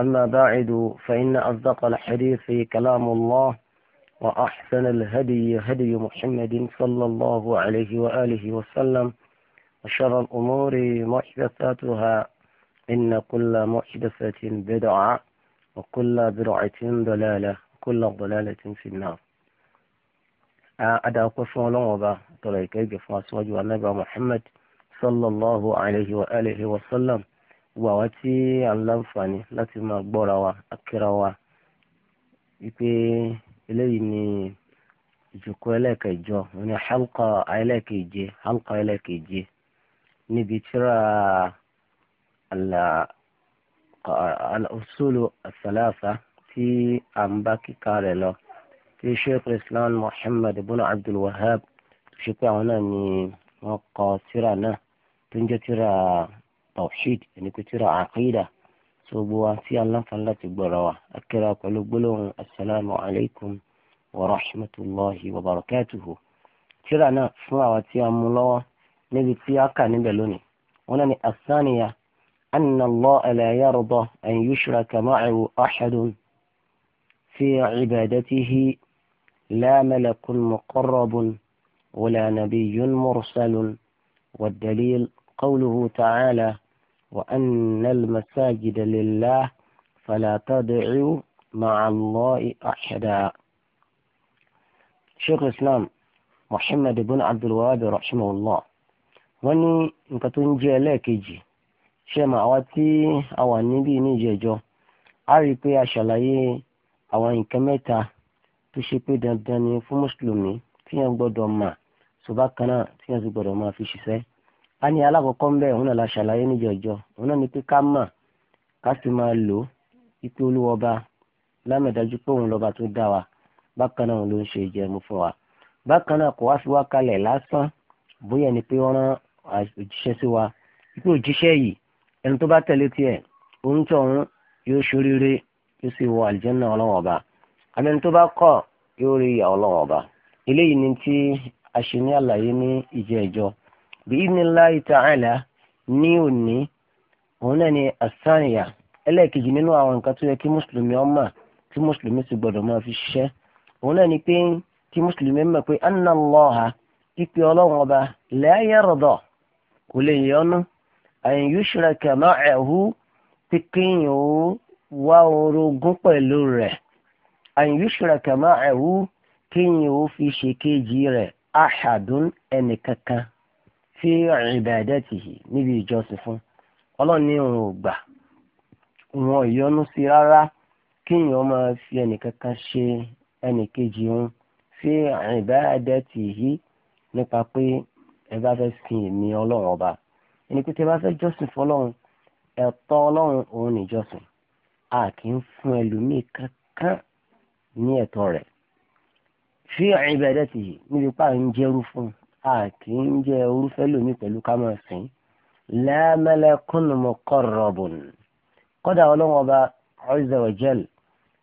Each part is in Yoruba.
أما بعد فإن أصدق الحديث كلام الله وأحسن الهدي هدي محمد صلى الله عليه وآله وسلم وشر الأمور محدثاتها إن كل محدثة بدعة وكل بدعة ضلالة وكل ضلالة في النار أدعو قصة لنوبة طريقة فاسواج والنبي محمد صلى الله عليه وآله وسلم gbogbo àwa tí à ń láǹfààní láti máa gbọ́ra wa akíra wa wípé eléyìí ni ìjòkó ẹlẹ́ẹ̀kẹjọ ní halqa ẹlẹ́ẹ̀keje halqa ẹlẹ́ẹ̀keje níbi tíra al-usulu al-thalatha tí à ń bá kíkà rẹ̀ lọ tí sheikh islam muhammad ibn abdul wahab tó ṣe pé àwọn náà ni wọ́n kọ tíra náà tó ń jẹ́ tíra. توحيد يعني كثير عقيده سبوا في الله فلا تبروا اكل قلوبهم السلام عليكم ورحمه الله وبركاته كثير انا سوا تي امولو نبي تي اكا نبلوني هنا الثانيه ان الله لا يرضى ان يشرك معه احد في عبادته لا ملك مقرب ولا نبي مرسل والدليل قوله تعالى وأن المساجد لله فلا تدعوا مع الله أحدا شيخ الإسلام محمد بن عبد الوهاب رحمه الله wọ́n ní nǹkan tó ń jẹ́ ẹlẹ́ẹ̀kejì ṣe mà wá tí a wà níbí ní ìjẹ́jọ́ a rí i pé a ṣàlàyé àwọn nǹkan mẹ́ta tó ṣe pé dandan ni fún mùsùlùmí tí yẹn gbọ́dọ̀ mà ṣùgbọ́n kan náà tí yẹn sì gbọ́dọ̀ máa fi ṣiṣẹ́ a ní alákọ̀ọ́kọ́ ń bẹ̀ òun náà la ṣàlàyé níjọ̀jọ́ òun náà ni pé ká mà ká sì máa lò ipe olúwọba lámẹ̀dájú pé òun lọ́ba tó dá wa bákan náà ló ń ṣe ìjẹun fún wa bákan náà kò wá fi wá kalẹ̀ lásán bóyá ni pé wọ́n rán òjíṣẹ́ sí wa ipe òjíṣẹ́ yìí ẹni tó bá tẹ̀lé tiẹ̀ òun tó òun yóò ṣoríire yóò sì wọ àlìjẹ́nà ọlọ́wọ́n ọba àmì ẹni tó bá kọ̀ yóò rí ìyà ọba eléyìí ni tí a ṣe ní àlàyé ní ìjẹ́ ìjọ bi'idhnillahi ta'ala ní òní òun náà ni asaniya ẹlẹ́ẹ̀kejì nínú àwọn nǹkan tó yẹ kí mùsùlùmí ọmọ tí mùsùlùmí sì gbọdọ̀ máa fi ṣiṣẹ́ òun náà ni pé kí mùsùlùmí mọ̀ pé anna Allaha ipe ọlọ́run ọba la yarda kò lè yọnu an yushraka ma'ahu pé kéèyàn ó wá orogún pẹ̀lú rẹ̀ an yushraka ma'ahu kéèyàn ó fi ṣe kéèjì rẹ̀ ahadun ẹnìkankan fi ibadatihi níbi ìjọsìn fún ọlọ́run ní òun ò gbà òun ò yọ́nú sí rárá kéèyàn máa fi ẹnìkankan ṣe ẹnìkejì òun fi ibadatihi nípa pé ẹ bá fẹ́ sin èmi ọlọ́run ọba ẹni pé tí ẹ bá fẹ́ jọ́sìn fún ọlọ́run ẹ̀tọ́ ọlọ́run òun nìjọsìn a kì í fún ẹlòmíì kankan ní ẹ̀tọ́ rẹ̀ fi ibadatihi níbi pàrọ̀ ń jẹ́rú fún un a kì í jẹ orúfẹ́ lómi pẹ̀lú ká máa sìn la malakun muqarrabun kódà ọlọ́run ọba azza wa jal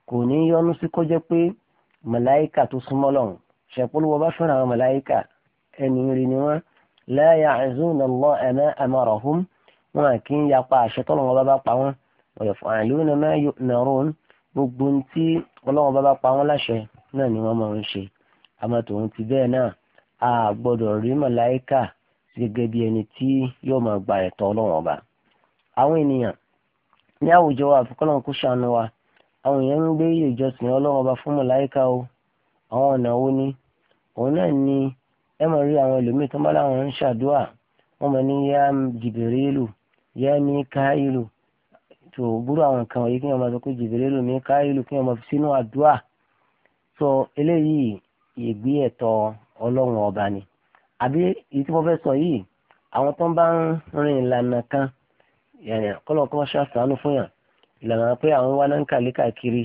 kò ní yọnu sí kó jẹ́ pé màláìkà tó súnmọ́ lọ́run ṣẹ̀pọ̀lọ́wọ́ bá fẹ́ràn àwọn màláìkà ẹni rí ni wọ́n la ya'zuna Allaha ma amarahum wọn kì í yapa àṣẹ tọ́lọ́run ọba bá pa wọ́n yaf'aluna ma yu'marun gbogbo ohun tí ọba bá pa wọ́n láṣẹ náà ni wọ́n máa ń ṣe àmọ́ tòun ti bẹ́ẹ̀ náà a gbọ́dọ̀ rí màláìkà gẹ́gẹ́ bí ẹni tí yóò máa gba ẹ̀tọ́ ọlọ́run ọba àwọn ènìyàn ní àwùjọ wa àfikọ́lọ́n kó ṣàánú wa àwọn èèyàn ń gbé ìjọsìn ọlọ́run ọba fún màláìkà o àwọn ọ̀nà wo ni òun náà ni ẹ máa rí àwọn ẹlòmíì tó ń bá láwọn ń ṣàdúrà wọ́n máa ní yá jìbìrìlù yá míkáìlù tó burú àwọn nǹkan wọ̀nyí kí wọ́n máa sọ pé jìbìrìlù míkáìlù kí wọ́n máa fi sínú àdúrà sọ eléyìí ìgbé ẹ̀tọ́ ọlọ́run ọba ni àbí èyí tí mo fẹ́ sọ yìí àwọn tó ń bá ń rìn ìlànà kan kọ́lọ̀ kọ́ ṣàṣàánú fún yàn ìlànà pé àwọn wá náà kàlí káàkiri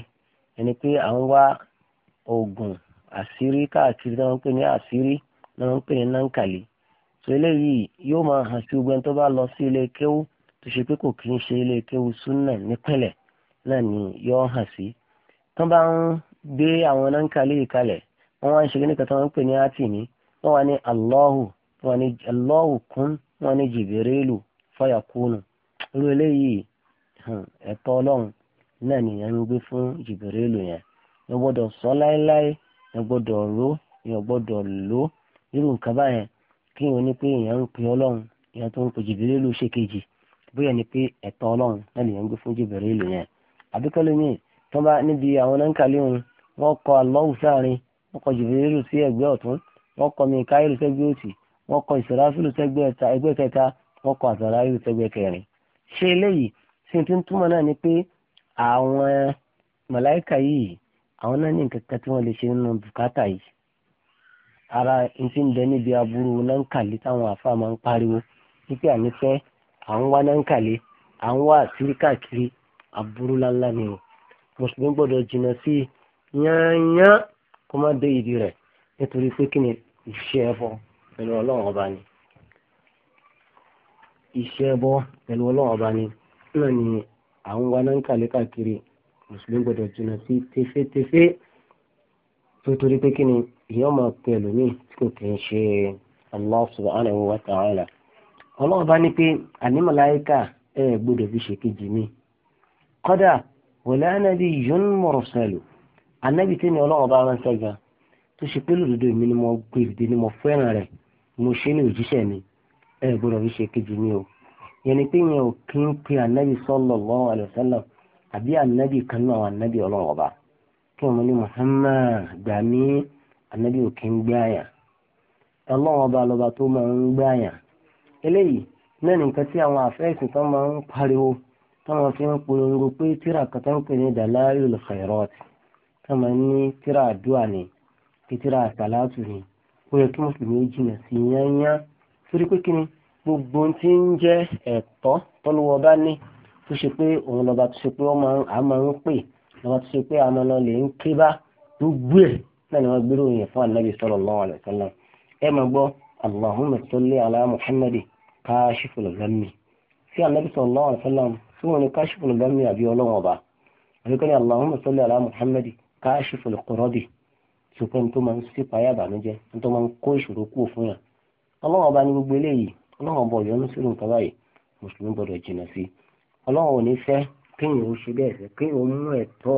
ẹni pé àwọn wá oògùn àṣírí káàkiri náà ń pè ní àṣírí náà ń pè ní náǹkàlí tó eléyìí yóò máa hàn sí gbogbo ẹni tó bá lọ sí ilé kéwú tó ṣe pé kò kí ń ṣe ilé kéwú súnà nípìnlẹ̀ náà ni yóò hàn sí tó bá ń gbé àwọn náǹkàlí yìí kalẹ̀ wọ́n wá ń ṣe kíníkan tí wọ́n ń pè ní átìmí wọ́n wá ní allahu wọ́n ní allahu kún wọ́n ní jìbìrìlù fayakunu irú eléyìí ẹ̀tọ́ ọlọ́run náà nìyẹn ń gbé fún jìbìrìlù yẹn ẹ gbọ́dọ̀ sọ láéláé ẹ gbọ́dọ̀ ró ẹ gbọ́dọ̀ ló irú nǹkan báyẹn kí wọ́n ní pé ya ń pe ọlọ́run èèyàn tó ń jìbìrìlù ṣe kejì bóyá ni pé ẹ̀tọ́ ọlọ́run náà nìyẹn ń gbé fún wọ́n kọ jìbìrìlù sí ẹgbẹ́ ọ̀tún wọ́n kọ mikaelu sẹ́gbẹ́ òsì wọ́n kọ ìsìráfìlù sẹ́gbẹ́ ẹgbẹ́ kẹta wọ́n kọ àtàláyù sẹ́gbẹ́ kẹrin. ṣé eléyìí ṣe ti ń túmọ̀ náà ni pé àwọn màláìkà yìí àwọn náà ní nǹkan tí wọ́n lè ṣe nínú bùkátà yìí. ara n ti ń bẹ níbi aburú nankali táwọn àfa máa ń pariwo wípé ànífẹ́ à ń wá nankali à ń wá àtìrí káàkiri aburú láńlá ni o mùsùlùmí gbọ́dọ̀ jìnnà sí yányán kó má dé ìdí rẹ̀ nítorí pé kí ni ìṣe ẹbọ pẹ̀lú ọlọ́run ọba ni ìṣe ẹbọ pẹ̀lú ọlọ́run ọba ni náà ni àwọn wa náà ń kà lékàkiri mùsùlùmí gbọdọ̀ jìnnà sí tẹfẹ́tẹfẹ́ tó torí pé kí ni ìyá máa pe ẹlòmíì tí kò kì í ṣe Allah subhanahu wa ta'ala ọlọ́run bá ní pé ànímọ̀láyíkà ẹ gbọdọ̀ fi ṣèkejì mi kọ́dà wala nabiyyun mursalu ànábì tí ni ọlọ́run bá ránṣẹ́ gan tó ṣe pé lòdòdó mi ni mo gbé ìdè ni mo fẹ́ràn rẹ̀ mo ṣe ní òjíṣẹ́ mi ẹ gbọ́dọ̀ fi ṣe kejì mi o yẹn ni pé yẹn ò kí ń pe ànábì sallallahu alaihi wasallam àbí ànábì kan náà ànábì ọlọ́run ọba kí wọn ní Muhammad gbà mí ànábì ò kí ń gbé àyà ọlọ́run ọba lọba tó máa ń gbé àyà eléyìí náà nìkan tí àwọn àfẹ́sìn tó máa ń pariwo tó máa fi ń polongo pé tíra kan tó ń pè ní tó máa ń ní tíra àdúrà ni kí tíra àsàlátù ni ó yẹ kí mùsùlùmí ó jìnà sí yányá torí pé kí ni gbogbo tí ń jẹ́ ẹ̀tọ́ tọ́lúwọ́ bá ní tó ṣe pé òun lọ́ba tó ṣe pé a máa ń pè lọ́ba tó ṣe pé a máa lọ lè ń ké bá gbogbo ẹ̀ náà ni wọ́n gbérò yẹn fún anabi sallallahu alaihi wasallam ẹ máa gbọ́ allahumma salli ala muhammadi kashiful ghammi sí anabi sallallahu alaihi wasallam tí wọ́n ní kashiful ghammi àbí ọlọ́wọ́n ọba àbíkọ́ ni allahumma salli ala muhammadi káàṣìfò lọ́kọ̀rọ́dì tí ó pẹ́ ní tó máa ń sí payá ìbànújẹ́ ní tó máa ń kó ìṣòro kúrò fún yàn ọlọ́run ọba ní gbogbo eléyìí ọlọ́run ọba ọ̀yọ́ ń sírun nǹkan báyìí mùsùlùmí gbọdọ̀ jìnnà sí i ọlọ́run ò ní fẹ́ kéèyàn ó ṣe bẹ́ẹ̀ fẹ́ kéèyàn ó mú ẹ̀tọ́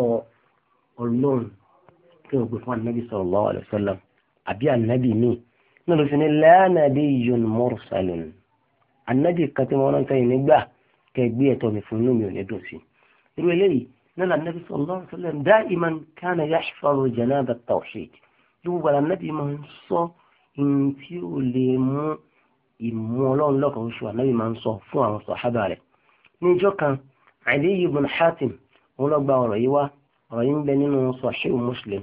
ọlọ́run kéèyàn gbé fún anabi sallallahu alaihi wasallam àbí anabi míì náà ló fi ní la nabiyyun mursalun anabi kan tí wọ́n rántí nígbà kẹgbé ẹ̀tọ́ mi fún inú mi ò ní dùn sí irú eléyìí لأن النبي صلى الله عليه وسلم دائما كان يحفظ جناب التوحيد يقول النبي إن فيو انتو مو يمولون لك وشو النبي منصو فوا وصحب عليه نيجو كان علي بن حاتم ولو باو ريوا رين بني منصو شيء مسلم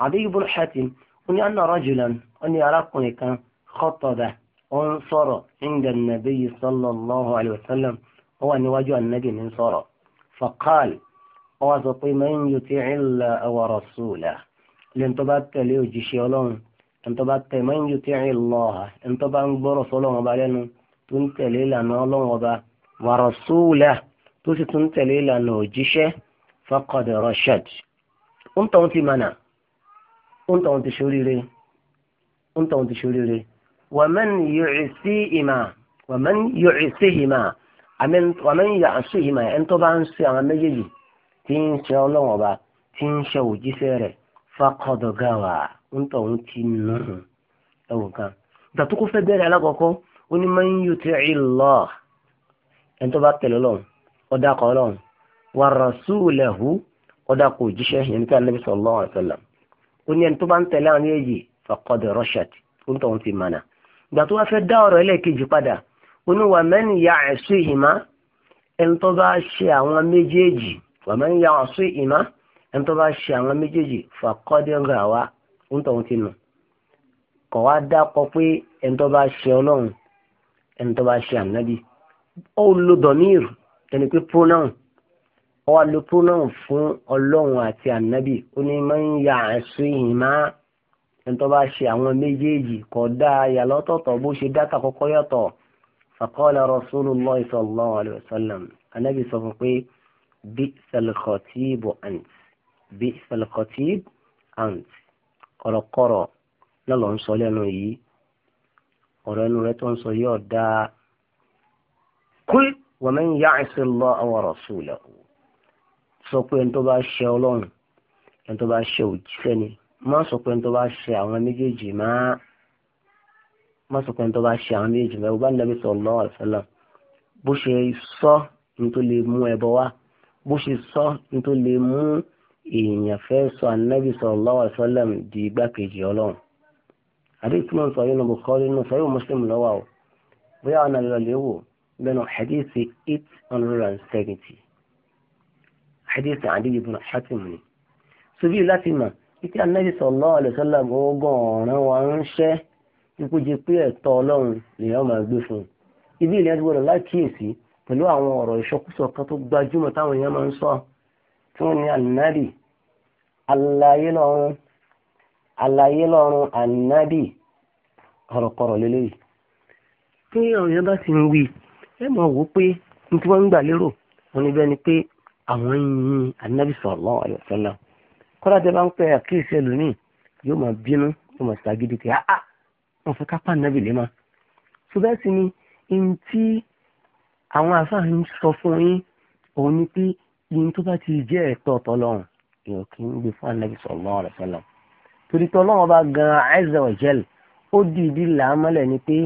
علي بن حاتم وني أنا رجلا وني أراقني كان خطبة أنصر عند النبي صلى الله عليه وسلم هو أن النبي من صار فقال wọ́n wá sọ pé man yuti'illaha wa rasulahu lẹ́yìn tó bá tẹ̀lé òjíṣẹ́ ọlọ́run ẹni tó bá tẹ̀ man yuti'illaha ẹni tó bá ń gbọ́rọ̀ sọ́lọ́run ọba lẹ́nu tó ń tẹ̀lé ìlànà ọlọ́run ọba wa rasulahu tó sì tún tẹ̀lé ìlànà òjíṣẹ́ faqad rashad ń tọ́hún ti mànà ń tọ́hún ti ti tí ń ṣe ọlọ́wọ́n ọba tí ń ṣe òjíṣẹ́ rẹ̀ fákọ́dọ̀gáwà ń tọ̀ ń ti nù ẹ̀wọ̀n kan ìgbà tó kó fẹ́ bẹ̀rẹ̀ alákọ̀ọ́kọ́ ó ní man yuti'i Allah ẹni tó bá tẹ̀lé ọlọ́run ọ̀dà kan ọlọ́run wa rasulahu ọ̀dà kò jíṣẹ́ yẹn nípa Nabi sallallahu alaihi wasallam ó ní ẹni tó bá ń tẹ̀lé àwọn méjì faqad rashad ń tọ̀ faman ya'sihima ẹni tó bá ṣe àwọn méjèèjì faqad ghawa ń tọ̀hún ti nù kọ̀ wá dápọ̀ pé ẹni tó bá ṣe ọlọ́run ẹni tó bá ṣe ànábì ó lo domir ẹni pé pronoun ó wá lo pronoun fún ọlọ́run àti ànábì ó ní man ya'sihima ẹni tó bá ṣe àwọn méjèèjì kọ̀ dá yà bó ṣe dáta kọ́kọ́ yàtọ̀ faqala Rasulullahi sallallahu alaihi wasallam sọ بئس الخطيب أنت بئس الخطيب أنت ọ̀rọ̀ kọ̀rọ̀ lọ́lọ́ ń sọ lẹ́nu yìí ọ̀rọ̀ ẹnu rẹ tó ń sọ yóò dáa kul wa man ya'si Allaha wa rasulahu sọ pé ẹni tó bá ṣe ọlọ́run ẹni tó bá ṣe òjíṣẹ́ ni má sọ pé ẹni tó bá ṣe àwọn méjèèjì má má sọ pé ẹni tó bá ṣe àwọn méjèèjì má ẹ bá Nabi sallallahu alaihi wasallam bó ṣe sọ ní tó lè mú ẹbọ wá bó ṣe sọ nítorí lè mú èèyàn fẹ́ sọ anábì sallallahu alaihi wasallam di igbákejì ọlọ́run àdéhùn tí wọ́n sọ yìí nàbọ̀ kọ́ nínú sọ yóò mọ́sílẹ̀mù lọ́wọ́ o bóyá ọ̀nà ìrọ̀lẹ́ wò lẹ́nu hadithi eight hundred and seventy hadithi Adiy ibn Hatim ni sobi láti mọ̀ títí anábì sallallahu alaihi wasallam ogún ọ̀ràn wa ń ṣẹ́ ikú jẹ pé ẹ̀tọ́ ọlọ́run lèèyàn máa gbé fún un ibi ìlẹ́yìn gbọ́dọ̀ lákìyèsí pẹ̀lú àwọn ọ̀rọ̀ ìṣọkúsọ kan tó gbajúmọ̀ táwọn èèyàn máa ń sọ tí wọ́n ní ànábì alayé lọ́run alayé lọ́run ànábì ọ̀rọ̀kọ̀rọ̀ lélẹ́yìí. tí àwọn èèyàn bá ti ń wí ẹ mọ̀ wò pé n tí wọ́n ń gbà lérò wọn níbẹ̀ ni pé àwọn ń yin ànábì sallallahu alaihi wasallam kọ́lá tẹ bá ń pẹ́ àkíyèsí ẹlòmíì yóò máa bínú yóò máa ṣàgídí pé áá wọn fẹ́ ká pa lé máa. ṣùgbọ́n sì ni ntí àwọn àfáàní sọ fún yín òun ni pé ihun tó bá ti jẹ́ ẹ̀tọ́ tọlọ́run èèyàn kì í gbé fún anabi sallallahu alaihi wasallam torí tọlọ́run bá gan azza wa jal ó dìídì làámọ́lẹ̀ ni pé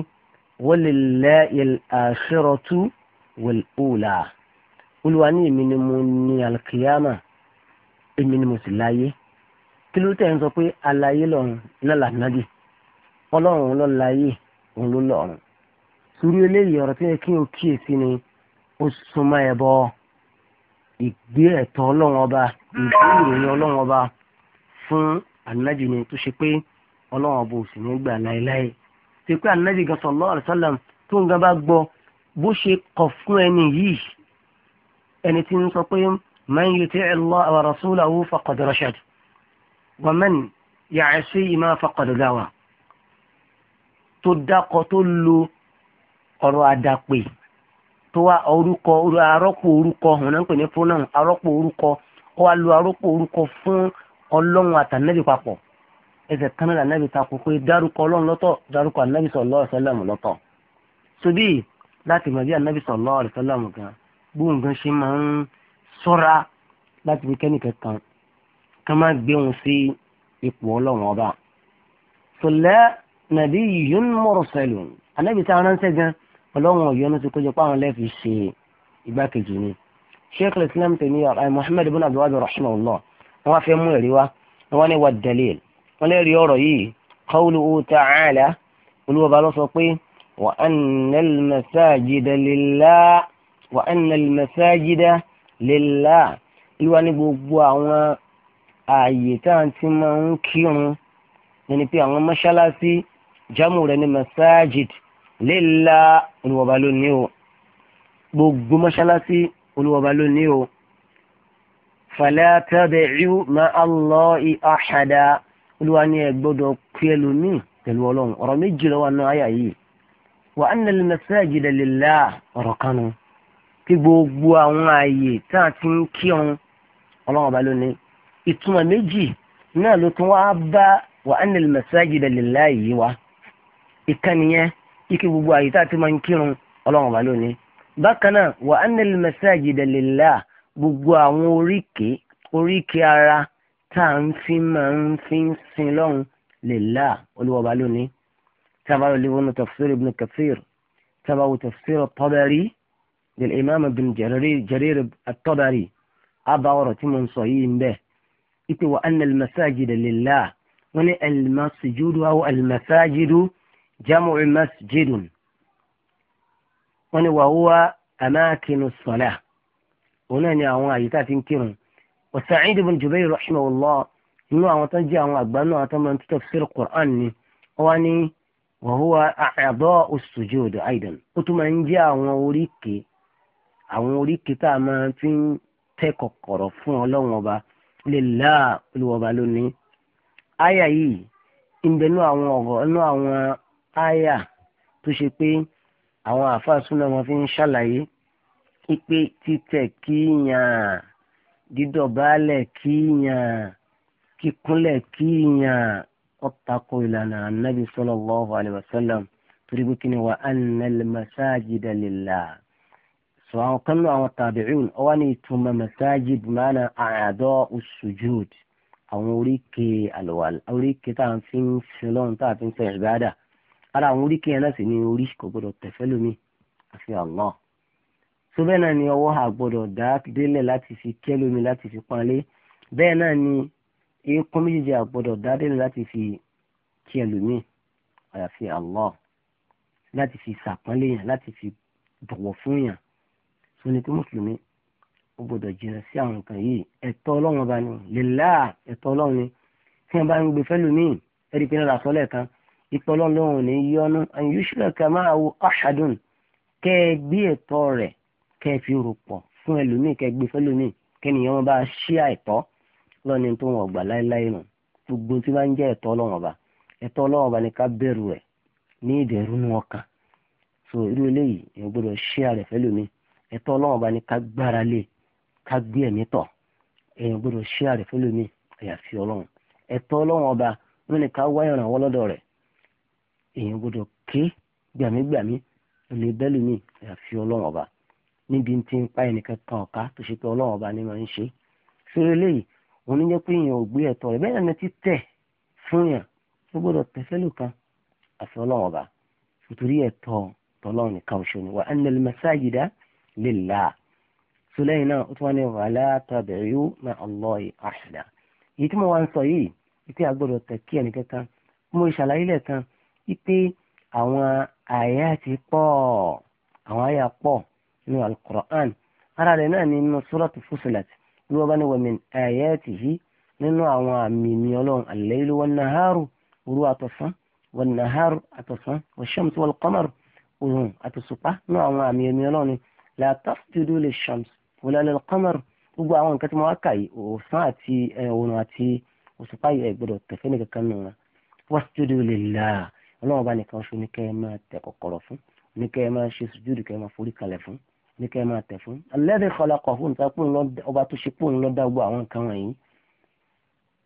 walillahil akhiratu wal ula olùwà ní èmi ni mo ní alkiyama èmi ni mo sì láyé kí ló tẹ̀ ń sọ pé alayé lọ́run lọ́la nàdì ọlọ́run lọ́láyé òun ló lọ́run sùúrù eléyìí ọ̀rọ̀ tí yẹ kí o kíyèsí ni ó súnmọ́ ẹbọ ìgbé ẹ̀tọ́ ọlọ́run ọba ìgbé ìròyìn ọlọ́run ọba fún ànábì ni tó ṣe pé ọlọ́run ọba ò sì ní gbà láéláé ṣe pé ànábì gan sallallahu alaihi wasallam tó ń gan bá gbọ́ bó ṣe kọ̀ fún ẹni yìí ẹni tí ń sọ pé man yuti'i Allah wa rasulahu faqad rashad wa man ya'sihi ma faqad ọ̀rọ̀ àdàpè tó wá orúkọ arọ́pò orúkọ ọ̀hún náà ń pè ní pronoun arọ́pò orúkọ ó wá lo arọ́pò orúkọ fún ọlọ́run àtànẹ́bì papọ̀ ẹsẹ̀ kan náà lànàbì takò pé dárúkọ ọlọ́run lọ́tọ̀ dárúkọ ànàbì sallallahu alaihi wasallam lọ́tọ̀ sobi láti mọ̀ bí ànàbì sallallahu alaihi wasallam gan gbóhùn gan ṣe máa ń ṣọ́ra láti fi kẹ́nìkẹ́ kan ká má gbé wọn sí ipò ọlọ́run ọba. sọlẹ́ nàbí yìí ń mọ̀rọ̀ sẹ́lùn ànàbì tá ránṣẹ́ gan-an ọlọ́run ọ̀yọ́nú ti kójọ páwọn lẹ́ẹ̀fi ṣe igbákejì ni sheikh islam tẹ̀lé eh, muhammed ibn abdul wahab rahimahullah wọn wá fẹ́ mú ẹ̀rí wá wọn ní wà dalil wọn lè rí ọ̀rọ̀ yìí qawluhu ta'ala olúwa bá lọ sọ pé wa anna al-masajida lillah wa anna al-masajida lillah olúwa ní gbogbo àwọn ààyè tá à ń ti máa ń kírun ẹni pé àwọn mọ́ṣáláṣí jámù rẹ̀ ní lẹ́la olùwọ̀ba ló ní o gbogbo mọ́ṣáláṣí olùwọ̀ba ló ní o fala tad'u ma Allahi ahada olùwà ni ẹ gbọ́dọ̀ pé ẹlòmíì pẹ̀lú ọlọ́run ọ̀rọ̀ méjì lọ́wọ́ náà àyà yìí wa anna al-masajida lillah ọ̀rọ̀ kanu kí gbogbo àwọn ààyè tá a ti ń kírun ọlọ́run ọba ló ìtumọ̀ méjì náà ló tún wá bá wa anna al-masajida lillah yìí wá ìkànnì yẹn ike gbogbo àyè tá a ti máa ń kírun ọlọ́run ọba lónìí bákan náà wa annal masajida lillah gbogbo àwọn oríkèé oríkèé ara tá à ń fi máa ń fi ń sin lọ́run lillah olúwa ọba lónìí tábà lè wọnú tafsir ibn kathir tábà wọ tafsir at-tabari lil imam ibn jarir àbá ọ̀rọ̀ tí mo ń sọ yìí ń bẹ́ẹ̀ ipe wa annal masajida lillah wọ́n ní al-masjudu jamu masjidun wọ́n ní wàhúwá amákinu sọ̀lá òun náà ni àwọn àyíká ti ń kírun wa Sa'id ibn Jubayr rahimahullah inú àwọn tó ń jẹ́ àwọn àgbà náà tó máa ń tutọ́ fírí Qur'an ni wọ́n ní wàhúwá àdọ́ òṣùjòdò aidan ó tún máa ń jẹ́ àwọn oríkèé àwọn oríkèé tá a máa fi ń tẹ́ kọ̀kọ̀rọ̀ fún ọba àyà tó ṣe pé àwọn àáfàá súnà wọn fi ń ṣàlàyé pípé títẹ̀ kíyàn dídọ̀bálẹ̀ kíyàn kíkúnlẹ̀ kíyàn ọ̀tàkùn ìlànà anábì sallallahu alaihi wasallam torí pé kíni wà annal masajida lillah sọ àwọn kan náà àwọn tàbí'ùn ọwọ́ ní ìtumọ̀ masajid mana àádọ́ usujud àwọn oríkèé àlùwàlá oríkèé tá à ń fi ń ṣe lọ́run tá à fi ń ṣe ìbádà ara àwọn oríkì yẹn náà sì ní orí kò gbọdọ̀ tẹ̀fẹ́ lómi àfi Allah so bẹ́ẹ̀ náà ni ọwọ́ àgbọdọ̀ dá délẹ̀ láti fi kẹ́ lómi láti fi panlé bẹ́ẹ̀ náà ni eékún méjèèjì àgbọdọ̀ dá délẹ̀ láti fi kẹ́ lómi àyàfi Allah láti fi sàpọ́nlé yàn láti fi bọ̀wọ̀ fún yàn so ni pé mùsùlùmí ó gbọdọ̀ jìnnà sí àwọn nǹkan yìí ẹ̀tọ́ ọlọ́run ọba ni lèlá ẹ̀tọ́ ọlọ́run ni tí wọ́n bá ń gbé fẹ́ lómi ẹ̀rí pé náà làásọ̀lẹ̀ kan ìpọlọ́lọ́run ní yọnu àyùṣúlẹ̀ kàmáàwò ọ̀ṣàdùn kẹ́ ẹ gbé ẹ̀tọ́ rẹ̀ kẹ́ ẹ fi rò pọ̀ fún ẹlòmíì kẹ́ ẹ gbé fẹ́lòmíì kẹ́nìyàn wọn bá ṣí àìtọ́ lọ́ni tó wọn ọ̀gbà láéláé nù gbogbo tí wọ́n jẹ́ ẹ̀tọ́ ọlọ́wọ́n ọba ẹ̀tọ́ ọlọ́wọ́n ọba ni ká bẹ̀rù rẹ̀ ní ìdẹ̀rù nù ọkàn so irú eléyìí èèyàn gbọ́dọ̀ ṣí àrẹ̀ fẹ́lòmíì ẹ̀tọ́ ọlọ́wọ́n ọba ni ká gbára lé ká gbé ẹ̀mí tọ̀ èèyàn gbọ́dọ̀ ṣí ni ká wá ìrànwọ́ èèyàn gbọ́dọ̀ ké gbàmígbàmí lè bẹ́lú mi àfi ọlọ́run ọba níbi tí ń pa ẹnìkan kan ọ̀ká tó ṣe pé ọlọ́run ọba ni máa ń ṣe ṣé eléyìí òun ní jẹ́ pé èèyàn ò gbé ẹ̀tọ́ rẹ̀ bẹ́ẹ̀ ni ti tẹ̀ fún yàn ó gbọ́dọ̀ tẹ̀ fẹ́lú kan àfi ọlọ́run ọba nítorí ẹ̀tọ́ tọ́lọ́run nìkan ṣo ni wà á nílẹ̀ lè là á sọlẹ́yìn náà ó tún wá ní wàhálà tàbẹ̀rẹ̀ ma Allahi ahada èyí tí mo wá ń sọ yìí ìpè àgbọ̀dọ̀ tẹ̀ kí ẹnìkan mo ṣàlàyé lẹ́ẹ̀kan wípé àwọn àyà ti pọ̀ àwọn àyà pọ̀ nínú alukur'an ara rẹ̀ náà ni nínú suratu fusilat bí wọ́n bá ní wa min ayatihi nínú àwọn àmì ní ọlọ́run al-laylu wan àtọ̀sán wan-naharu àtọ̀sán wash-shamsu wal-qamaru òrùn àtòṣùpá nínú àwọn àmì ẹ̀mí ni la tasjudu lish-shams wala lil gbogbo àwọn nǹkan tí mo wá kà yìí òsán àti eh, òrùn àti òṣùpá yìí ẹ tẹ̀fẹ́ nìkan kan nù wọn wasjudu lillah ọlọ́wọ́n bá nìkan ṣo ní kẹ́ ẹ máa tẹ kọ̀kọ̀rọ̀ fún ní kẹ́ ẹ máa ṣe sùjúdù kẹ́ ẹ máa forí kalẹ̀ fún ní kẹ́ ẹ máa tẹ̀ fún. alẹ́dẹ̀ kọlakọ̀ fún nípa pé ọba tó ṣe pòun ló dá gbọ́ àwọn nǹkan wọ̀nyí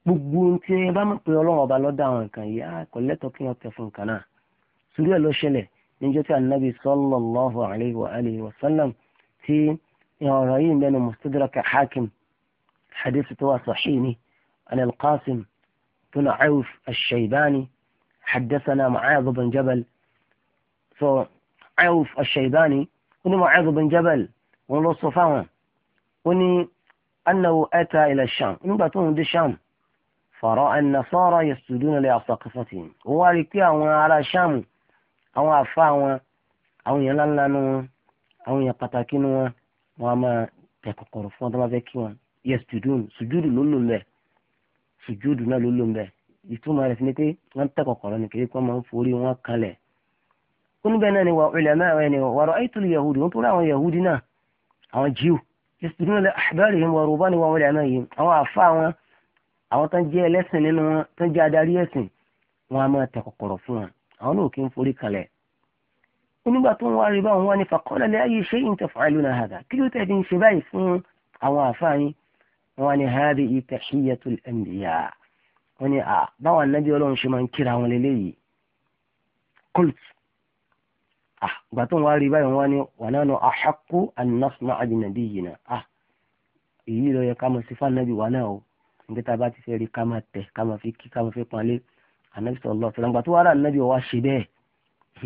gbogbo tí ẹ bá mọ̀ pé ọlọ́wọ́n ọba ló dá àwọn nǹkan yìí á kò lẹ́tọ̀ọ́ kí wọ́n tẹ̀ fún nǹkan náà. sùúrù ẹ̀ ló ṣẹlẹ̀ níjọ́ tí anabi sallallahu alayhi wa alihi حدثنا معاذ بن جبل فعوف الشيباني وني معاذ بن جبل وني صفاهم وني أنه أتى إلى الشام نبتون دي الشام فرأى النصارى يسجدون لأساقفتهم ووالكي أوان على الشام أو أفاوا أو يلالنوا أو يقتاكنوا وما تكقرفون دماغكي يسجدون سجود لولو سجود لولو ìtumọ̀ rẹ̀ sí ni pé wọ́n ń tẹ́kọ̀ kọ̀ọ̀rọ̀ ní kiri kí wọ́n máa ń forí wọn kalẹ̀ ó níbẹ̀ náà ni wà ulama ẹni wà ra'aytul yahudi wọ́n tó rí àwọn yahudi náà àwọn jíù yasuduna li ahbarihim wa rubanihim wa ulama'ihim àwọn àfa wọn àwọn tán jẹ́ ẹlẹ́sìn nínú wọn tán jẹ́ adarí ẹ̀sìn wọn a máa tẹ́kọ̀ kọ̀ọ̀rọ̀ fún wọn àwọn náà kì í forí kalẹ̀ onígbà tó ń wá rí báwọn wá ní faqala li ayyi shay'in taf'aluna hadha kí ló tẹ̀ ń ṣe báyìí fún àwọn àfa yín wọn ni hadhihi tahiyyatul anbiya wọ́n ní báwọn anábì ọlọ́run ṣe máa ń kíra wọn lélẹ́yìí colt ìgbà tó ń wá rí báyìí wọ́n ní wà náà nù àṣàkó ànínàṣínà àjìnàbí yìí náà ah èyí ló yẹ ká mọ̀ sí fànàbí wà náà o nígbà tá a bá ti fẹ́ rí ká máa tẹ̀ ká máa fi kí ká máa fi panlé ànábì sọ̀rọ̀ lọ́sọ̀rọ̀ nígbà tó wá rà ànábì wa ṣe bẹ́ẹ̀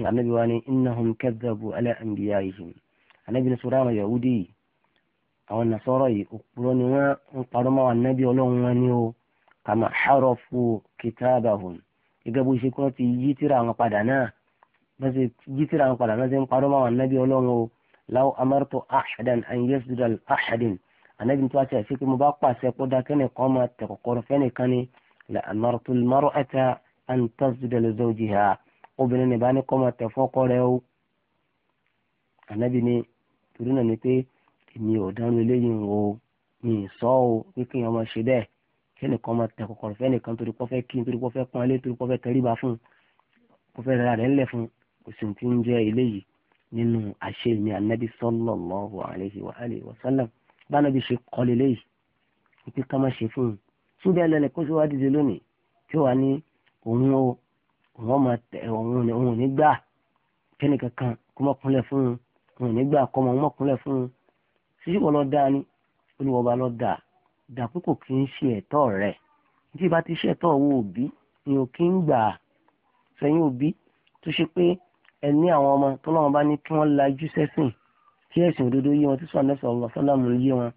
ànábì wa ní innahum kadhabu ala anbiya'ihim yìí àwọn kàmá xarọ́fù kìtàbàhùn gẹ́gẹ́ bó ṣe kí wọ́n ti yí tírà wọn padà náà bá ṣe yí tírà wọn padà náà ṣe ń parọ́ mọ́ àwọn anábì ọlọ́run o láwọ amárùtọ̀ àṣàdàn àyẹ̀sùdà àṣàdìn anábì tó wá ṣe àṣekí mo bá pàṣẹ kó dákẹ́nì kan máa tẹ̀ kọ̀kọ́rọ́ fẹ́nìkan ni la amárùtọ̀ márùn ẹ̀ta àǹtàṣùdà lọ́zọ́jì ha obìnrin ní bá kọ́ máa tẹ̀ fọ́kọ rẹ̀ o anábì ni torí náà ni pé èmi ò dánú eléyìí ń wo mi ì sọ ọ́ pé kí kẹ́nìkan máa tẹ kọ̀kọ̀rọ̀ fẹ́nìkan torí kò fẹ́ kí n torí kò fẹ́ pọ́nlé torí kò fẹ́ tẹríba fún kò fẹ́ rẹ̀ rẹ̀ ńlẹ̀ fún kò sì ti ń jẹ́ eléyìí nínú àṣẹ mi ànábi sallallahu alaihi wa alihi wa sallam bánabi ṣe kọ́lé léyìí wípé ká má ṣe fún un síbẹ̀ lẹ́nu kó sì wá dìde lónìí kí wàá ní òun ó òun máa tẹ òun òun ní gbà kẹ́nìkan kan kó má kúnlẹ̀ fún un òun ní gbà kọ́ mọ́ kúnlẹ̀ fún un sísí lọ́ọ́ dáa ni olúwọ́ba lọ́ọ́ dáa dà pé kò kí ń ṣe ẹ̀tọ́ rẹ̀ tí bá ti ṣẹ̀tọ́ owó òbí ni ò kí ń gbà sẹ́yìn òbí tó ṣe pé ẹ ní àwọn ọmọ tó lọ́wọ́ bá ní kí wọ́n lajú sẹ́sìn tí ẹ̀sìn òdodo yé wọn tí sọ̀rọ̀ nẹ́sọ̀ ọ̀rọ̀ sọ́lámù yé wọn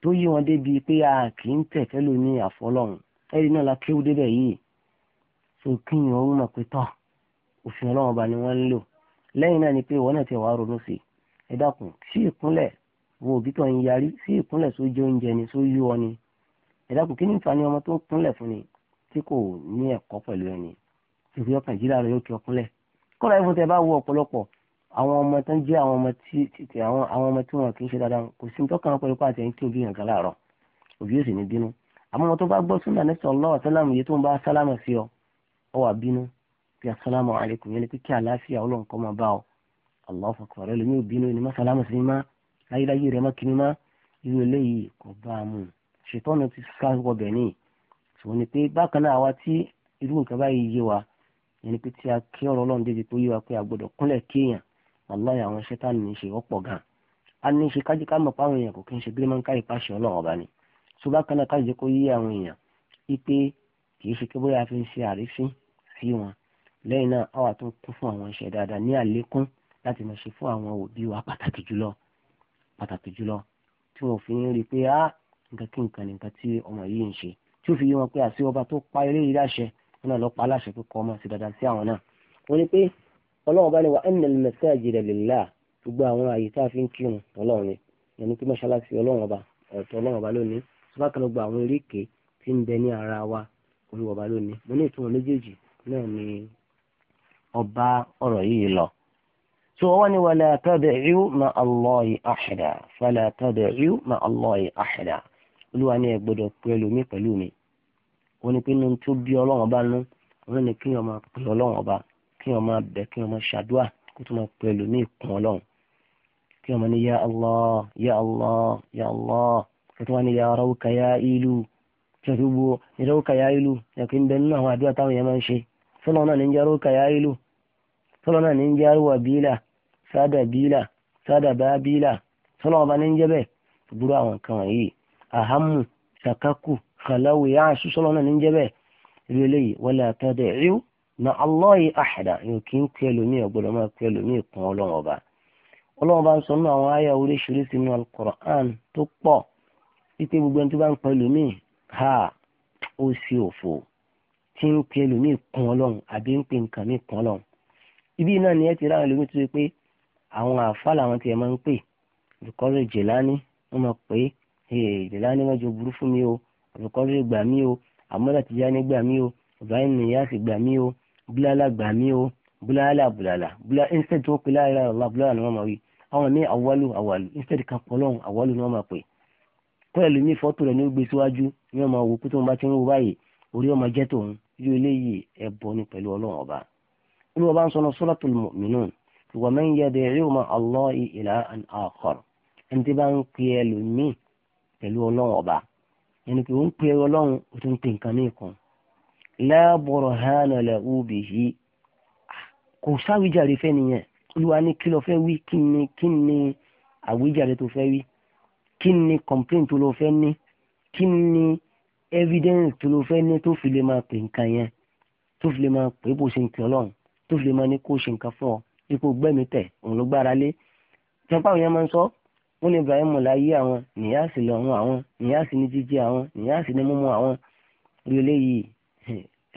tó yé wọn débi pé a kì í tẹ̀kẹ́ ló ní àfọlọ́run ẹ̀rí náà la kéwú débẹ̀ yìí so kí ni òun mọ̀ pé tọ́ òfin ọlọ́wọ́n bá ni wọ́n ń lò lẹ́yìn náà ni pé ìwọ náà ti wàá ronú sí ẹ dákun sí ìkúnlẹ̀ àwọn òbí kan ń yarí sí ìkúnlẹ̀ sójú oúnjẹ ni sójú ọ ni ẹ dákun kí ni nfa ni ọmọ tó ń kúnlẹ̀ fún ni tí kò ní ẹ̀kọ́ pẹ̀lú ẹni ìfi ọkàn ìjìlá rẹ yóò kí ọkúnlẹ̀ kọ́ra ìfún tẹ bá wo ọ̀pọ̀lọpọ̀ àwọn ọmọ tó ń jẹ́ àwọn ọmọ tí àwọn ọmọ tí wọn kì í ṣe dáadáa kò sí nítorí kan pẹ̀lú pàtẹ́ kí òbí yàn kan láàárọ̀ òbí yóò sì ní bínú àmọ́ ọmọ tó bá gbọ́ súnà nẹ́sọ̀ lọ́wọ́ sálámù yìí tó ń bá sálámù sí ọ ọ wà bínú bí asálámù alaikum yẹn ni pé kí àlàáfíà ọlọ́run kọ́ máa bá ọ Allahu akbar lómi ò bínú ni má sálámù sí má láyéláyé rẹ̀ mọ́kìnní má irú eléyìí kò bá a mú ṣètọ́nù ti sá wọbẹ̀ ní ṣùgbọ́n ni pé bákan náà àwa tí irú nǹkan báyìí yé wa ẹni pé tí a kí ọ̀rọ̀ ọlọ́run débi tó yé wa pé a kúnlẹ̀ kéèyàn wàláyé àwọn iṣẹ́ tá à ní ṣe ọ̀pọ̀ gan a ní ṣe kájí ká mọ̀ pé èèyàn kò kí ń ṣe bí máa ń ká ìpàṣẹ ni tó bákan náà kájí kó yé àwọn èèyàn wípé kì í ṣe pé bóyá a fi ń ṣe àrífín sí wọn lẹ́yìn náà àwa tó kún fún àwọn iṣẹ́ dáadáa ní àlékún láti máa ṣe fún àwọn òbí wa pàtàkì jùlọ pàtàkì jùlọ tí wọn fi ń rí i pé á nǹkan kí nǹkan nǹkan tí ọmọ yìí ń ṣe tí ó fi yé wọn pé àṣẹ ọba tó pa eré yìí láṣẹ wọn náà lọ pa aláṣẹ pé kọ ọmọ sí dáadáa sí àwọn náà wọn ni pé ọlọ́run bá ní wa ẹnì masajida lillah gbogbo àwọn àyè tá a fi ń kírun ọlọ́run ni yẹn ni pé mọ́ṣáláṣí ọlọ́run ọba ọ̀tọ̀ ọlọ́run ọba lónìí sọ́kàlọ́ gba àwọn eréke tí ń bẹ ní ara wa olúwọba lónìí mo ní ìtumọ̀ méjèèjì náà ni ọba ọ̀rọ̀ yìí lọ tó wọ́n ní wàlá tad'u ma Allahi ahada fàlá tad'u ma Allahi ahada olúwa ní ẹ gbọ́dọ̀ pẹ̀lú mi pẹ̀lú mi wọ́n ní pé ní tó bí ọlọ́run ọba nú wọ́n ní kí wọ́n máa pè ọlọ́run ọba kí wọ́n máa bẹ̀ kí wọ́n máa ṣàdúà kó tó máa pẹ̀lú mi kún ọlọ́run kí wọ́n máa ní ya Allah ya Allah ya Allah kí wọ́n máa ní ya rawka ya ilu kí wọ́n ti gbogbo ya rawka ya ilu ẹ̀kí ń bẹ nínú àwọn àdúrà táwọn yẹn máa ń ṣe fúnà náà ní ya rawka ya ilu sọlọ́nà ní ń jẹ́ arúwà bílà sádà bílà sádà bá bílà sọlọ́wọ́ bá ní ń jẹ́ bẹ́ẹ̀ burú àwọn nǹkan wọ̀nyí ahamu sakaku kàláwì yáàṣù sọlọ́nà ní ń jẹ́ bẹ́ẹ̀ irú eléyìí wala tad'u na Allahi ahada yóò kí ń pẹ́ lómi ọ̀gbọ́dọ̀ máa pẹ́ lómi ìkún ọlọ́wọ́ bá ọlọ́wọ́ bá ń sọ nínú àwọn àyà oríṣiríṣi nínú alukur'an tó pọ̀ wípé gbogbo ẹni tó bá ń pẹ́ lómi ha ó sì òfò tí ń pẹ́ lómi ìkún ọlọ́run àbí ń pè nǹkan mi kún ọlọ́run ibi náà ni ẹ ti ráwọn ẹlòmíì tó ṣe pé àwọn àfáà làwọn tiẹ̀ máa ń pè olùkọ́rọ̀ Jìlání wọ́n máa pè é Jìlání wọ́n jọ burú fún mi o olùkọ́rọ̀ gbà mí o àmọ́lá Tìjání gbà mí o Ibrahim Niyasi gbà mí o búláàlà gbà mí o búláàlà búláàlà búláàlà instead tí wọ́n láàrin àlọ́ búláàlà ni wọ́n máa wí àwọn míì àwálù àwálù instead kan pọ̀lọ́hún àwálù ni wọ́n máa pè kọ́lẹ̀ lómi fọ́tò rẹ̀ ní ó gbé síwájú ni wọ́n máa wò pé tóun bá ti ń wo báyìí orí ọmọ jẹ́ tòun yóò léyìí ẹ̀bọ ní pẹ̀lú Ọlọ́run ọba olùwọ́ bá ń sọ̀rọ̀ suratul mu'minun wa man yad'u ma'a Allahi ilahan akhar ẹni tí bá ń pè é lómi pẹ̀lú ọlọ́run ọba ẹni pé ó ń pè é ọlọ́run ó ti ń pè nǹkan lahu bihi kò sáwìjàre fẹ́ nìyẹn olùwà ní kí ló fẹ́ wí kí ni kí ni àwíjàre tó fẹ́ wí kí ni complaint tó lọ fẹ́ ní ni evidence fi lè máa pè nǹkan yẹn tó fi lè máa pè bó ṣe ń tó fi lè máa ní kó ṣe nǹkan fún ọ ipò gbẹ́mi tẹ̀ òun ló gbára lé ìjọba àwọn yẹn máa ń sọ wọn ní Ibrahim láyé àwọn nìyáàsì lọ́rùn àwọn nìyáàsì ní jíjẹ àwọn nìyáàsì ní mímú àwọn orí eléyìí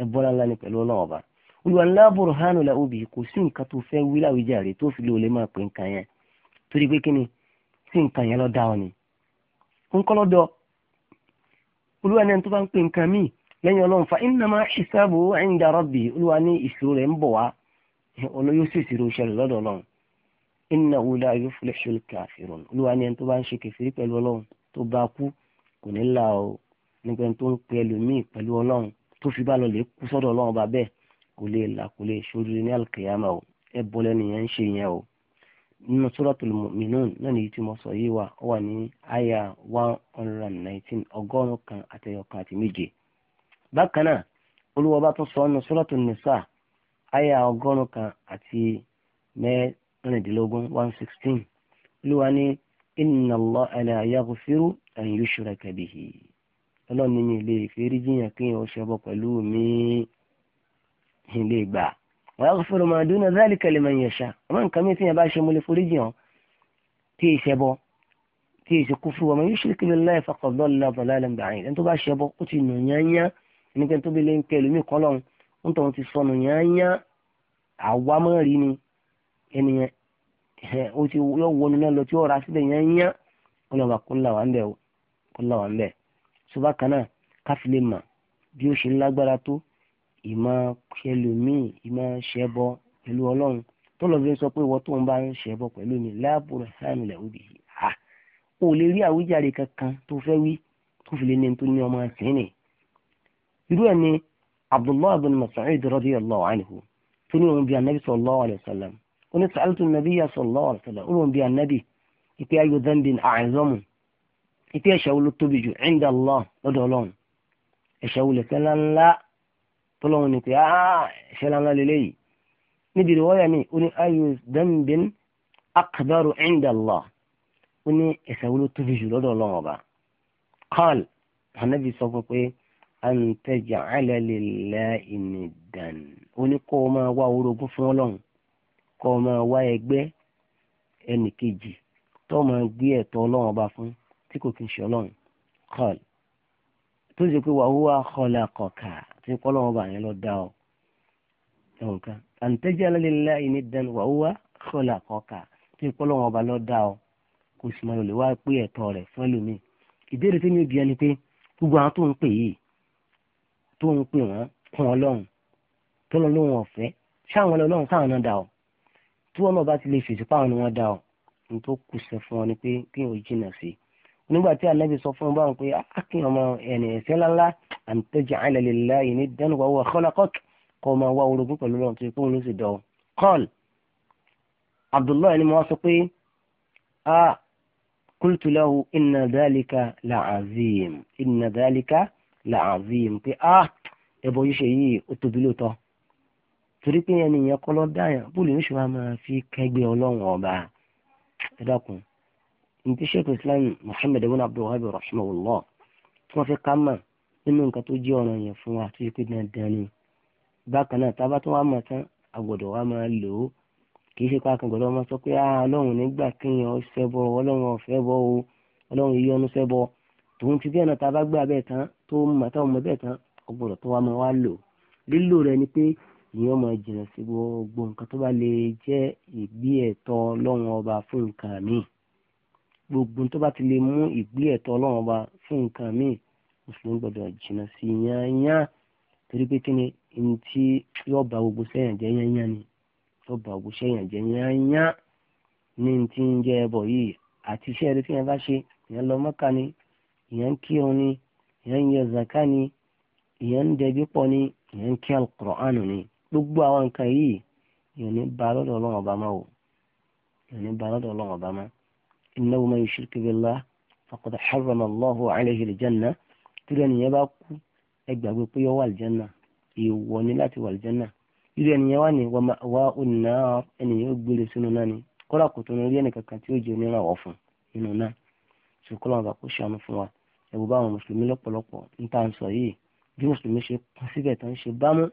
ẹbọra ńlá ni pẹ̀lú Ọlọ́run ọba olùwà ńlá burhanu la obì kò sí nǹkan tó fẹ́ wí láwùjáre tó fi lè olè máa pè nǹkan yẹn torí pé kíni sí nǹkan yẹn lọ ọ ni ń lọ́dọ̀ olùwà ní ẹni tó bá ń pè nǹkan míì lẹ́yìn ọlọ́run fa innama hisabuhu inda rabbi olúwa ní ìṣirò rẹ̀ ń bọ̀ wá olóyún sì ṣirò ṣẹlẹ̀ lọ́dọ̀ ọlọ́run innahu la yuflihul kafirun olúwa ní ẹni tó bá ń ṣe kẹfìrí pẹ̀lú ọlọ́run tó bá kú kò ní la o nígbà tó ọba bẹ́ẹ̀ kò lè kò lè ní bákan náà olúwa bá tún sọ ọ́nà sọ́lọ́tù nìsà àyà ọgọ́rùn-ún kan àti mẹ́rìndínlógún one sixteen olúwa ní inna Allaha la yaghfiru an yushraka bihi ọlọ́run ní mi lè fèrè jiyàn kí n ò ṣẹbọ pẹ̀lú mi ilé gbà wa yaghfiru ma duna dhalika liman yasha ọmọ nǹkan mi ti yàn bá ṣe mo lè forí jiyàn tí ì ṣẹbọ tí ì ṣe kúfúrú wa man yushrik billahi faqad dalla dalalan ba'ida ẹni tó bá ṣẹbọ ó ti nù yányán ẹnikẹ́ni tó bí ń kẹ́ lómi kan lọ́hùn ń tọ́hún ti sọnù yányán àwámọ́rí ni ènìyàn ó ti yọ wọnú náà lọ tí ó ra síbẹ̀ yányán ọlọ́ba kó là wà ń bẹ̀ o kó là wà ń bẹ̀ tó bá kan náà káfílẹ̀ mà bí ó ṣe lágbára tó ìmọ̀ ẹlòmíì ìmọ̀ ṣẹbọ pẹ̀lú ọlọ́run tó lọ́ọ́ fi sọ pé ìwọ tó ń bá ń ṣẹbọ pẹ̀lú mi láàbùrù hàn lẹ́wọ́ bìí ò lè rí àwíjàre kankan tó fẹ́ wí tó fi lè ní tó ní ọmọ ẹ̀sìn nìyí irú ẹ̀ ni abdullahi bin mas'ud radiyallahu anhu tó ní òun bí anabi sallallahu alayhi wa sallam ó ní sa'altu nabiyya sallallahu alayhi wa sallam ó ní òun bí anabi ìpè ayò dhanbin a'zamu ìpè ẹ̀ṣẹ̀ wo ló tóbi jù inda Allah lọ́dọ̀ ọlọ́run ẹ̀ṣẹ̀ wo lẹ̀ṣẹ̀ ńláńlá tọ́lọ́run ni pé ah, ah, ẹ̀ṣẹ̀ ńláńlá lélẹ́yìí níbi ìrìwọ́yà mi ó ní ayò dhanbin akbaru inda Allah ó ní ẹ̀ṣẹ̀ ló tóbi jù lọ́dọ̀ ọlọ́run ọba qal anabi sọ fún pé an taj'ala lillahi niddan ó ní kó o máa wá orogún fún ọlọ́run kó o máa wá ẹgbẹ́ ẹnì kejì tó máa gbé ẹ̀tọ́ ọlọ́run ọba fún tí kò kí ń ṣe ọlọ́run kọ́ọ̀lù tó ṣe pé wàá wá khalaqaka tí kọ́ ọlọ́run ọba yẹn lọ dá ọ ẹ̀wọ̀n kan an taj'ala lillahi wàá wá khalaqaka tí kọ́ ọlọ́run ọba lọ dá ọ kò sì máa lè wá pé ẹ̀tọ́ rẹ̀ fún ẹlòmíì ìbéèrè tí mi bí ẹni pé gbogbo àwọn tó ń pè yìí tó ń pè wọ́n kún ọlọ́run tó lọ lóhun ọ̀fẹ́ ṣáwọn ọlọ́run káwọn náà dà ọ́ tí wọ́n náà bá ti lè fèsì páwọn ni wọ́n dà ọ́ ní tó kù sẹ fún ọ ni pé kí n ò jìnnà sí i nígbà tí anabi sọ fún báwọn pé akin ah, ah, ọmọ ẹni ẹsẹ ńláńlá an taj'ala lillahi niddan wa huwa khalaqak kọ́ máa wá orogún pẹ̀lú ọlọ́run tó yẹ kó wọn ló sì dọ̀ kọ́l abdullahi ni mo sọ pé a ah, lahu inna dhalika la'azim inna dhalika làzim pé a ah, ẹbọ yìí ṣe yìí ó tóbi lóòótọ́ torí pé ẹni yẹn kọ́ lọ dáyà bóòlù ní ṣùgbọ́n máa fi kẹgbẹ́ ọlọ́run ọba ẹ dákun nbí sheikh islam muhammed ibn abdulwahab rahimahullah tí wọ́n fi ká mà nínú nǹkan tó jẹ́ ọ̀ràn yẹn fún wa tó yẹ pé dandan ni bákan náà tábà tó wà máa tán àgbọ̀dọ̀ wa máa lò ó kì í ṣe pé akẹ́gbọ̀dọ̀ máa sọ pé a ah, ọlọ́run nígbà kéèyàn ṣẹbọ ọlọ́run ọ̀fẹ́ bọ́ o ọlọ́run yíyọnu ṣẹbọ tòun ti bí ẹ̀nà tábà gbà bẹ́ẹ̀ tán tó mọ̀ táwọn ọmọ bẹ́ẹ̀ tán ọgbọ́dọ̀ tó wá máa wá lò lílò rẹ̀ ni pé ìyẹn máa jìnnà sí gbogbo nǹkan tó bá lè jẹ́ ìgbé ẹ̀tọ́ ọlọ́run ọba fún nǹkan míì gbogbo tó bá ti lè mú ìgbé ẹ̀tọ́ ọlọ́run ọba fún nǹkan míì mùsùlùmí gbọ́dọ̀ jìnnà sí yányán torí pé kí ni ní tí yóò ba gbogbo sẹ́yìn jẹ́ yányán ni yóò ba gbogbo sẹ́yìn jẹ́ yányán ní ti ń jẹ́ ẹbọ yìí àti iṣẹ́ rẹ tí yẹn bá ṣe ìyẹn lọ mọ́ka ni ìyẹn ń kírun ni ìyẹn ń yẹ zaka ni ìyẹn ń dẹbi pọ̀ ni ìyẹn ń kí alukur'anu ni gbogbo àwọn nǹkan yìí ìyẹn ní ba lọ́dọ̀ ọlọ́run ọba máa wò ìyẹn ní ba lọ́dọ̀ ọlọ́run ọba máa innahu man yushrik billah faqad harrama Allahu alayhi aljanna tíri ẹnìyẹn bá kú ẹ gbàgbé pé yọ wà aljanna èèwọ̀ ni láti wà aljanna irú ẹnìyẹn wà ní wà ònà ẹnìyẹn ó gbélé sínú náà ni kọ́lá kò tó ní rí ẹnìkankan tí ó jẹ́ onírànwọ́ fún nínú náà ṣùkọ́ làwọn bá kó ṣàánú fún wa ẹ̀wù báwọn mùsùlùmí lọ́pọ̀lọpọ̀ ń tà ń sọ yìí bí mùsùlùmí ṣe kún síbẹ̀ tó ń ṣe bámú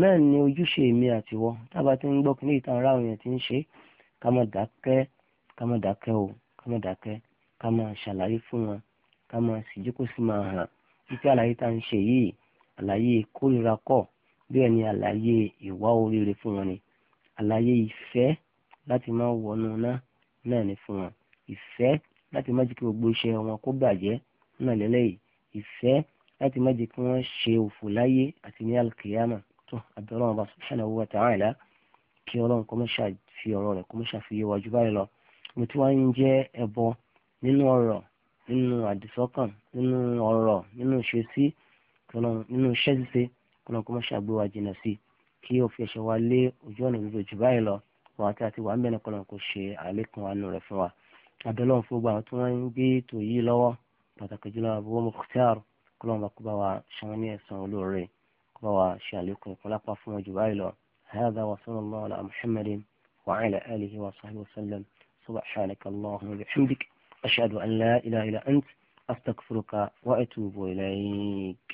náà ni ojúṣe èmi àtiwọ tábà tí ń gbọ́ kí ní ìtàn ara òyìn ti ń ṣe ká dákẹ́ ká dákẹ́ o ká má dákẹ́ ká má ṣàlàyé fún wọn ká má síjú kó sì máa hàn títí àlàyé tá ń ṣe yìí àlàyé kórìíra kọ́ bẹ́ẹ̀ ni àlàyé ìwà oríire fún wọn ni àlàyé ìfẹ́ láti má wọnú náà náà ni fún wọn ìfẹ́ láti má jẹ́ kí gbogbo iṣẹ́ wọn kó bàjẹ́ náà lélẹ́yìí ìfẹ́ láti má jẹ́ kí wọ́n ṣe òfò láyé àti ní alkiyama tó abẹ́rẹ́ ọba subhanahu wa ta'ala kí ọlọ́run kọ́ mọ́ṣá fi ọ̀rọ̀ rẹ̀ kọ́ mọ́ṣá fi yé wájú báyìí lọ mo ti wá ń jẹ́ ẹbọ nínú ọ̀rọ̀ nínú àdìsọ́kàn nínú ọ̀rọ̀ nínú ìṣesí nínú iṣẹ́ ṣíṣe kí ọlọ́run kọ́ mọ́ṣá gbé wa jìnnà sí kí òfin ẹ̀ṣẹ̀ wa lé ojú ọ̀nà gbogbo jù báyìí lọ wọn àti àti wà ń bẹ̀rẹ̀ kọ́ ọlọ́run kò ṣe àlékún àánú rẹ̀ fún wa abẹ́lọ́run fún gbogbo àwọn tí wọ́n ń gbé ètò yìí lọ́wọ́ pàtàkì jùlọ àbúrò Mukhtar kọlọ́mọba kó bá wa ṣàwọn ní ẹ̀sán olóore kó bá wa ṣe àlékún ìpínlápá fún wọn jù báyìí lọ هذا وصلى الله على محمد وعلى آله وصحبه وسلم سبحانك اللهم وبحمدك أشهد أن لا إله إلا أنت أستغفرك وأتوب إليك